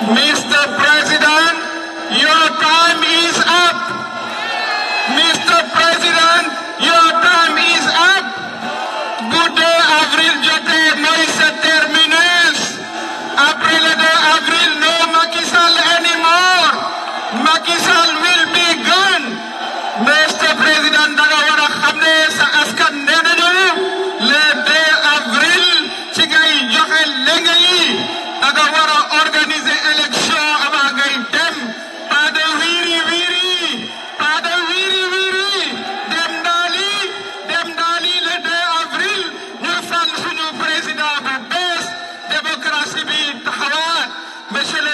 Mr. President, your time is up. Mr. President, your time is up. Bude avril jote noi se termines. April de avril no Makisal anymore. Makisal will be gone. Mr. President, daga wara khamne sa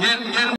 年年。